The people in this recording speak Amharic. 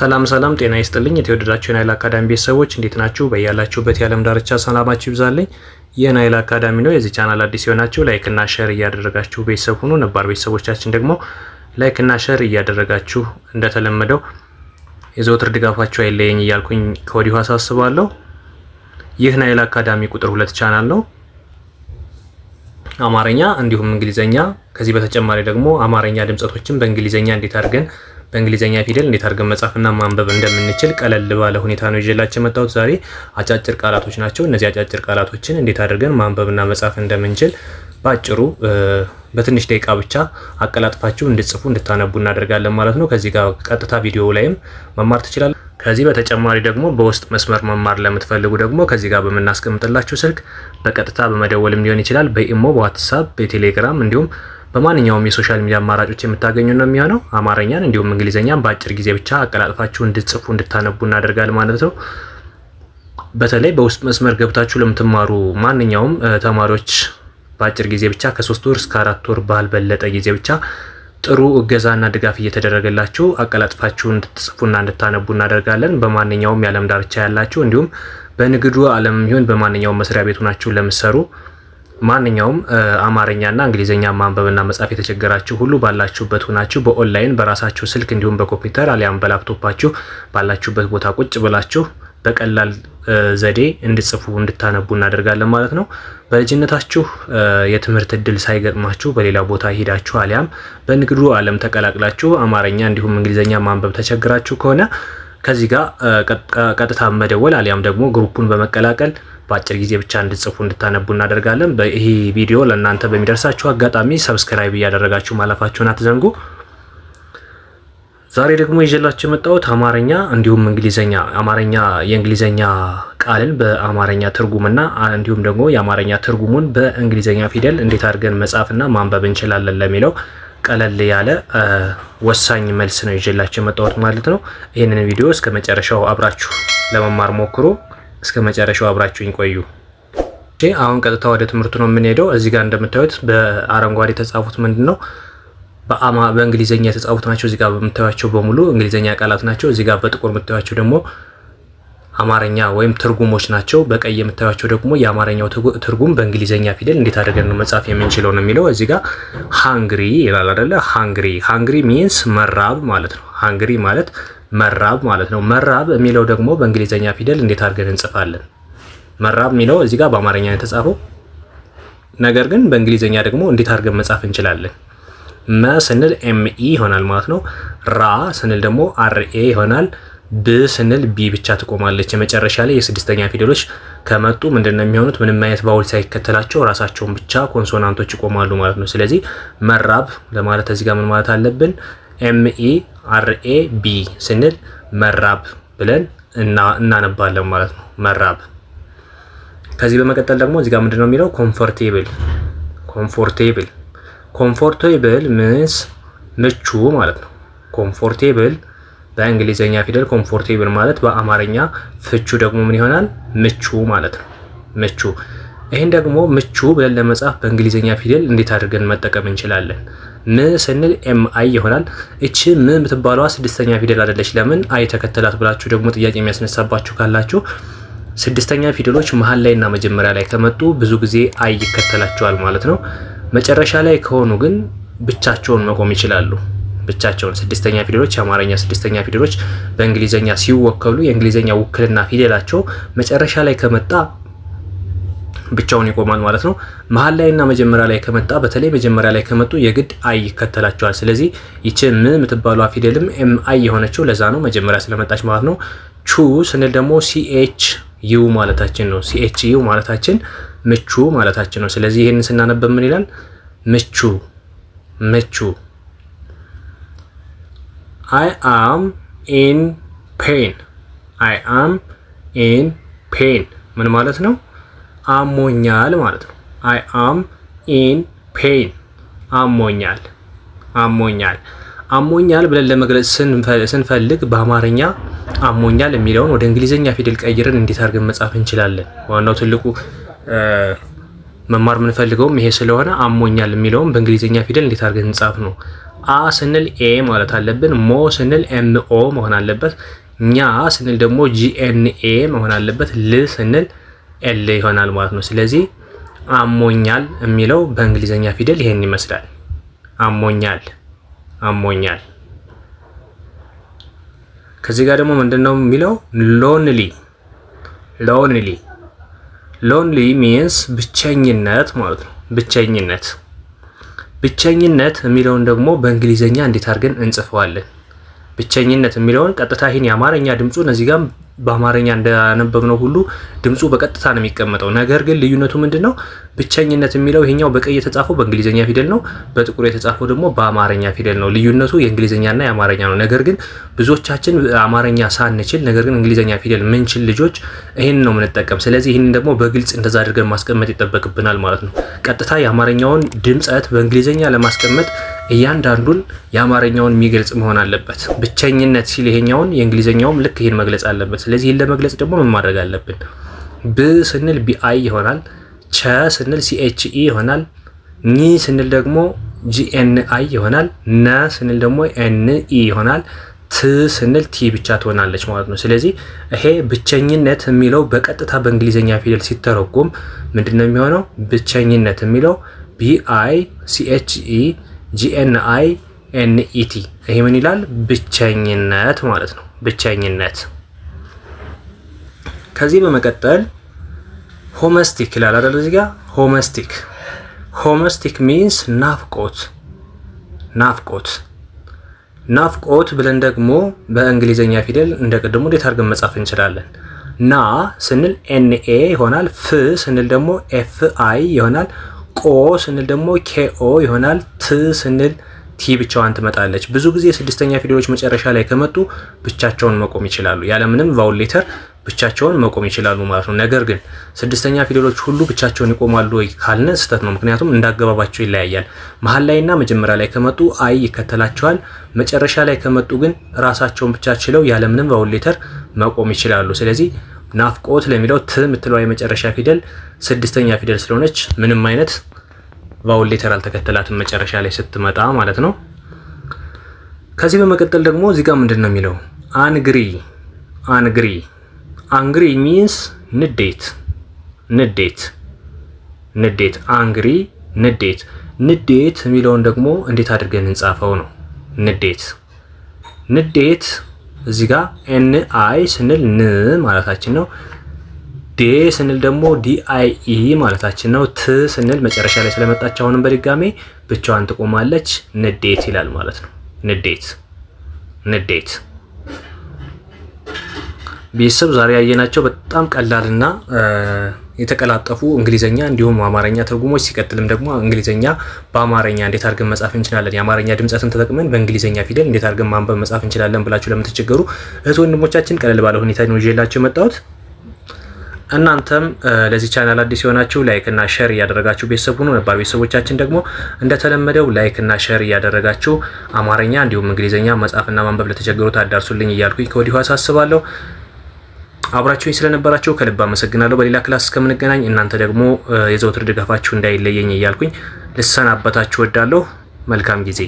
ሰላም ሰላም፣ ጤና ይስጥልኝ የተወደዳችሁ የናይል አካዳሚ ቤተሰቦች እንዴት ናችሁ? በያላችሁበት የዓለም ዳርቻ ሰላማችሁ ይብዛልኝ። የናይል አካዳሚ ነው። የዚህ ቻናል አዲስ የሆናችሁ ላይክና ሸር እያደረጋችሁ ቤተሰብ ሁኑ። ነባር ቤተሰቦቻችን ደግሞ ላይክና ሸር እያደረጋችሁ እንደተለመደው የዘወትር ድጋፋችሁ አይለየኝ እያልኩኝ ከወዲሁ አሳስባለሁ። ይህ ናይል አካዳሚ ቁጥር ሁለት ቻናል ነው። አማርኛ እንዲሁም እንግሊዘኛ ከዚህ በተጨማሪ ደግሞ አማርኛ ድምጸቶችን በእንግሊዘኛ እንዴት አድርገን በእንግሊዘኛ ፊደል እንዴት አድርገን መጻፍና ማንበብ እንደምንችል ቀለል ባለ ሁኔታ ነው ይዤላችሁ የመጣሁት። ዛሬ አጫጭር ቃላቶች ናቸው። እነዚህ አጫጭር ቃላቶችን እንዴት አድርገን ማንበብና መጻፍ እንደምንችል በአጭሩ በትንሽ ደቂቃ ብቻ አቀላጥፋችሁ እንድጽፉ እንድታነቡ እናደርጋለን ማለት ነው። ከዚህ ጋር ቀጥታ ቪዲዮ ላይም መማር ትችላለ ከዚህ በተጨማሪ ደግሞ በውስጥ መስመር መማር ለምትፈልጉ ደግሞ ከዚህ ጋር በምናስቀምጥላችሁ ስልክ በቀጥታ በመደወልም ሊሆን ይችላል። በኢሞ፣ በዋትሳፕ፣ በቴሌግራም እንዲሁም በማንኛውም የሶሻል ሚዲያ አማራጮች የምታገኙ ነው የሚሆነው። አማርኛን እንዲሁም እንግሊዝኛን በአጭር ጊዜ ብቻ አቀላጥፋችሁ እንድትጽፉ እንድታነቡ እናደርጋል ማለት ነው። በተለይ በውስጥ መስመር ገብታችሁ ለምትማሩ ማንኛውም ተማሪዎች በአጭር ጊዜ ብቻ ከሶስት ወር እስከ አራት ወር ባልበለጠ ጊዜ ብቻ ጥሩ እገዛና ድጋፍ እየተደረገላችሁ አቀላጥፋችሁ እንድትጽፉና እንድታነቡ እናደርጋለን። በማንኛውም የዓለም ዳርቻ ያላችሁ እንዲሁም በንግዱ ዓለም ይሁን በማንኛውም መስሪያ ቤቱ ናችሁ ለምትሰሩ ማንኛውም አማርኛና እንግሊዝኛ ማንበብና መጻፍ የተቸገራችሁ ሁሉ ባላችሁበት ሆናችሁ በኦንላይን በራሳችሁ ስልክ እንዲሁም በኮምፒውተር አሊያም በላፕቶፓችሁ ባላችሁበት ቦታ ቁጭ ብላችሁ በቀላል ዘዴ እንድጽፉ እንድታነቡ እናደርጋለን ማለት ነው። በልጅነታችሁ የትምህርት እድል ሳይገጥማችሁ በሌላ ቦታ ሄዳችሁ አሊያም በንግዱ ዓለም ተቀላቅላችሁ አማርኛ እንዲሁም እንግሊዝኛ ማንበብ ተቸግራችሁ ከሆነ ከዚህ ጋር ቀጥታ መደወል አሊያም ደግሞ ግሩፑን በመቀላቀል በአጭር ጊዜ ብቻ እንድጽፉ እንድታነቡ እናደርጋለን። ይህ ቪዲዮ ለእናንተ በሚደርሳችሁ አጋጣሚ ሰብስክራይብ እያደረጋችሁ ማለፋችሁን አትዘንጉ። ዛሬ ደግሞ ይዤላችሁ የመጣሁት አማርኛ እንዲሁም እንግሊዘኛ አማርኛ የእንግሊዘኛ ቃልን በአማርኛ ትርጉምና እንዲሁም ደግሞ የአማርኛ ትርጉሙን በእንግሊዘኛ ፊደል እንዴት አድርገን መጻፍና ማንበብ እንችላለን ለሚለው ቀለል ያለ ወሳኝ መልስ ነው ይዤላችሁ የመጣሁት ማለት ነው። ይህንን ቪዲዮ እስከ መጨረሻው አብራችሁ ለመማር ሞክሩ። እስከ መጨረሻው አብራችሁኝ ቆዩ። አሁን ቀጥታ ወደ ትምህርቱ ነው የምንሄደው። እዚህ ጋር እንደምታዩት በአረንጓዴ የተጻፉት ምንድን ነው በአማ በእንግሊዝኛ የተጻፉት ናቸው። እዚጋ በምታዩቸው በሙሉ እንግሊዝኛ ቃላት ናቸው። እዚጋ በጥቁር የምታዩቸው ደግሞ አማርኛ ወይም ትርጉሞች ናቸው። በቀይ የምታዩቸው ደግሞ የአማርኛው ትርጉም በእንግሊዝኛ ፊደል እንዴት አድርገን ነው መጻፍ የምንችለው ነው የሚለው እዚጋ ሃንግሪ ይላል አይደለ? ሃንግሪ ሃንግሪ ሚንስ መራብ ማለት ነው። ሃንግሪ ማለት መራብ ማለት ነው። መራብ የሚለው ደግሞ በእንግሊዝኛ ፊደል እንዴት አድርገን እንጽፋለን? መራብ የሚለው እዚጋ በአማርኛ የተጻፈው ነገር ግን በእንግሊዝኛ ደግሞ እንዴት አድርገን መጻፍ እንችላለን? መ ስንል ኤምኢ ይሆናል ማለት ነው። ራ ስንል ደግሞ አርኤ ይሆናል። ብ ስንል ቢ ብቻ ትቆማለች። የመጨረሻ ላይ የስድስተኛ ፊደሎች ከመጡ ምንድን ነው የሚሆኑት? ምንም አይነት ባውል ሳይከተላቸው ራሳቸውን ብቻ ኮንሶናንቶች ይቆማሉ ማለት ነው። ስለዚህ መራብ ለማለት እዚህ ጋር ምን ማለት አለብን? ኤምኢ አርኤ ቢ ስንል መራብ ብለን እናነባለን ማለት ነው። መራብ። ከዚህ በመቀጠል ደግሞ እዚህ ጋር ምንድን ነው የሚለው? ኮምፎርቴብል ኮምፎርቴብል ኮምፎርቴብል ምስ ምቹ ማለት ነው። ኮምፎርቴብል በእንግሊዘኛ ፊደል ኮምፎርቴብል ማለት በአማርኛ ፍቹ ደግሞ ምን ይሆናል? ምቹ ማለት ነው። ምቹ ይህን ደግሞ ምቹ ብለን ለመጻፍ በእንግሊዘኛ ፊደል እንዴት አድርገን መጠቀም እንችላለን? ም ስንል ኤም አይ ይሆናል። እቺ ም የምትባለዋ ስድስተኛ ፊደል አይደለች? ለምን አይ ተከተላት ብላችሁ ደግሞ ጥያቄ የሚያስነሳባችሁ ካላችሁ ስድስተኛ ፊደሎች መሀል ላይ እና መጀመሪያ ላይ ከመጡ ብዙ ጊዜ አይ ይከተላቸዋል ማለት ነው። መጨረሻ ላይ ከሆኑ ግን ብቻቸውን መቆም ይችላሉ። ብቻቸውን ስድስተኛ ፊደሎች የአማርኛ ስድስተኛ ፊደሎች በእንግሊዝኛ ሲወከሉ የእንግሊዝኛ ውክልና ፊደላቸው መጨረሻ ላይ ከመጣ ብቻውን ይቆማል ማለት ነው። መሀል ላይ እና መጀመሪያ ላይ ከመጣ በተለይ መጀመሪያ ላይ ከመጡ የግድ አይ ይከተላቸዋል። ስለዚህ ይች ም የምትባሏ ፊደልም ኤም አይ የሆነችው ለዛ ነው መጀመሪያ ስለመጣች ማለት ነው። ቹ ስንል ደግሞ ሲኤች ዩ ማለታችን ነው። ሲኤች ዩ ማለታችን ምቹ ማለታችን ነው። ስለዚህ ይህንን ስናነብ ምን ይላል? ምቹ ምቹ። አይ አም ኢን ፔን አይ አም ኢን ፔን ምን ማለት ነው? አሞኛል ማለት ነው። አይ አም ኢን ፔን አሞኛል አሞኛል አሞኛል ብለን ለመግለጽ ስንፈልግ በአማርኛ አሞኛል የሚለውን ወደ እንግሊዝኛ ፊደል ቀይረን እንዴት አድርገን መጻፍ እንችላለን? ዋናው ትልቁ መማር የምንፈልገውም ይሄ ስለሆነ አሞኛል የሚለውም በእንግሊዝኛ ፊደል እንዴት አድርገን እንጻፍ ነው? አ ስንል ኤ ማለት አለብን። ሞ ስንል ኤምኦ መሆን አለበት። ኛ ስንል ደግሞ ጂኤንኤ መሆን አለበት። ል ስንል ኤል ይሆናል ማለት ነው። ስለዚህ አሞኛል የሚለው በእንግሊዝኛ ፊደል ይሄን ይመስላል። አሞኛል አሞኛል። ከዚህ ጋር ደግሞ ምንድን ነው የሚለው ሎንሊ ሎንሊ ሎንሊ ሚንስ ብቸኝነት ማለት ነው። ብቸኝነት ብቸኝነት የሚለውን ደግሞ በእንግሊዘኛ እንዴት አድርገን እንጽፈዋለን? ብቸኝነት የሚለውን ቀጥታ ይህን የአማርኛ ድምፁ እነዚህ ጋም በአማርኛ እንዳነበብነው ሁሉ ድምፁ በቀጥታ ነው የሚቀመጠው። ነገር ግን ልዩነቱ ምንድን ነው? ብቸኝነት የሚለው ይሄኛው በቀይ የተጻፈው በእንግሊዝኛ ፊደል ነው፣ በጥቁር የተጻፈው ደግሞ በአማርኛ ፊደል ነው። ልዩነቱ የእንግሊዝኛና የአማርኛ ነው። ነገር ግን ብዙዎቻችን አማርኛ ሳንችል፣ ነገር ግን እንግሊዝኛ ፊደል ምንችል ልጆች ይህን ነው የምንጠቀም። ስለዚህ ይህንን ደግሞ በግልጽ እንደዛ አድርገን ማስቀመጥ ይጠበቅብናል ማለት ነው። ቀጥታ የአማርኛውን ድምፀት በእንግሊዝኛ ለማስቀመጥ እያንዳንዱን የአማርኛውን የሚገልጽ መሆን አለበት። ብቸኝነት ሲል ይሄኛውን የእንግሊዝኛውም ልክ ይህን መግለጽ አለበት። ስለዚህ ይህን ለመግለጽ ደግሞ ምን ማድረግ አለብን? ብ ስንል ቢአይ ይሆናል። ቸ ስንል ሲኤችኢ ይሆናል። ኒ ስንል ደግሞ ጂኤን አይ ይሆናል። ነ ስንል ደግሞ ኤን ኢ ይሆናል። ት ስንል ቲ ብቻ ትሆናለች ማለት ነው። ስለዚህ ይሄ ብቸኝነት የሚለው በቀጥታ በእንግሊዝኛ ፊደል ሲተረጎም ምንድን ነው የሚሆነው? ብቸኝነት የሚለው ቢአይ ሲኤችኢ ጂኤንአይ ኤንኢቲ e ይሄ ምን ይላል? ብቸኝነት ማለት ነው። ብቸኝነት። ከዚህ በመቀጠል ሆመስቲክ ይላል አይደል? እዚህ ጋር ሆመስቲክ ሆመስቲክ ሚንስ ናፍቆት ናፍቆት ናፍቆት ብለን ደግሞ በእንግሊዘኛ ፊደል እንደ ቅድሙ እንዴት አድርገን መጻፍ እንችላለን? ና ስንል ኤንኤ ይሆናል። ፍ ስንል ደግሞ ኤፍ አይ ይሆናል። ቆ ስንል ደግሞ ኬኦ ይሆናል። ት ስንል ቲ ብቻዋን ትመጣለች። ብዙ ጊዜ ስድስተኛ ፊደሎች መጨረሻ ላይ ከመጡ ብቻቸውን መቆም ይችላሉ። ያለምንም ቫውል ሌተር ብቻቸውን መቆም ይችላሉ ማለት ነው። ነገር ግን ስድስተኛ ፊደሎች ሁሉ ብቻቸውን ይቆማሉ ወይ ካልነ ስህተት ነው። ምክንያቱም እንዳገባባቸው ይለያያል። መሀል ላይና መጀመሪያ ላይ ከመጡ አይ ይከተላቸዋል። መጨረሻ ላይ ከመጡ ግን ራሳቸውን ብቻ ችለው ያለምንም ቫውል ሌተር መቆም ይችላሉ። ስለዚህ ናፍቆት ለሚለው ት የምትለዋ የመጨረሻ ፊደል ስድስተኛ ፊደል ስለሆነች ምንም አይነት ቫውል ሌተር አልተከተላትም መጨረሻ ላይ ስትመጣ ማለት ነው። ከዚህ በመቀጠል ደግሞ እዚህ ጋር ምንድን ነው የሚለው አንግሪ አንግሪ አንግሪ ሚንስ ንዴት ንዴት ንዴት አንግሪ ንዴት ንዴት የሚለውን ደግሞ እንዴት አድርገን እንጻፈው ነው ንዴት ንዴት እዚህ ጋ ኤን አይ ስንል ን ማለታችን ነው። ዴ ስንል ደግሞ ዲ አይ ኢ ማለታችን ነው። ት ስንል መጨረሻ ላይ ስለመጣች አሁንም በድጋሜ ብቻዋን ትቆማለች፣ ንዴት ይላል ማለት ነው። ንዴት ንዴት። ቤተሰብ ዛሬ ያየናቸው በጣም ቀላልና የተቀላጠፉ እንግሊዝኛ እንዲሁም አማርኛ ትርጉሞች ሲቀጥልም ደግሞ እንግሊዝኛ በአማርኛ እንዴት አድርገን መጻፍ እንችላለን፣ የአማርኛ ድምጸትን ተጠቅመን በእንግሊዝኛ ፊደል እንዴት አድርገን ማንበብ መጻፍ እንችላለን ብላችሁ ለምትቸገሩ እህት ወንድሞቻችን ቀለል ባለ ሁኔታ ነው ይዤላችሁ የመጣሁት። እናንተም ለዚህ ቻናል አዲስ የሆናችሁ ላይክ እና ሼር እያደረጋችሁ ቤተሰብ ሁኑ። ነባር ቤተሰቦቻችን ደግሞ እንደተለመደው ላይክ እና ሼር እያደረጋችሁ አማርኛ እንዲሁም እንግሊዝኛ መጻፍና ማንበብ ለተቸገሩት አዳርሱልኝ እያልኩኝ ከወዲሁ አሳስባለሁ። አብራችሁኝ ስለነበራችሁ ከልብ አመሰግናለሁ። በሌላ ክላስ እስከምንገናኝ እናንተ ደግሞ የዘውትር ድጋፋችሁ እንዳይለየኝ እያልኩኝ ልሰናበታችሁ ወዳለሁ። መልካም ጊዜ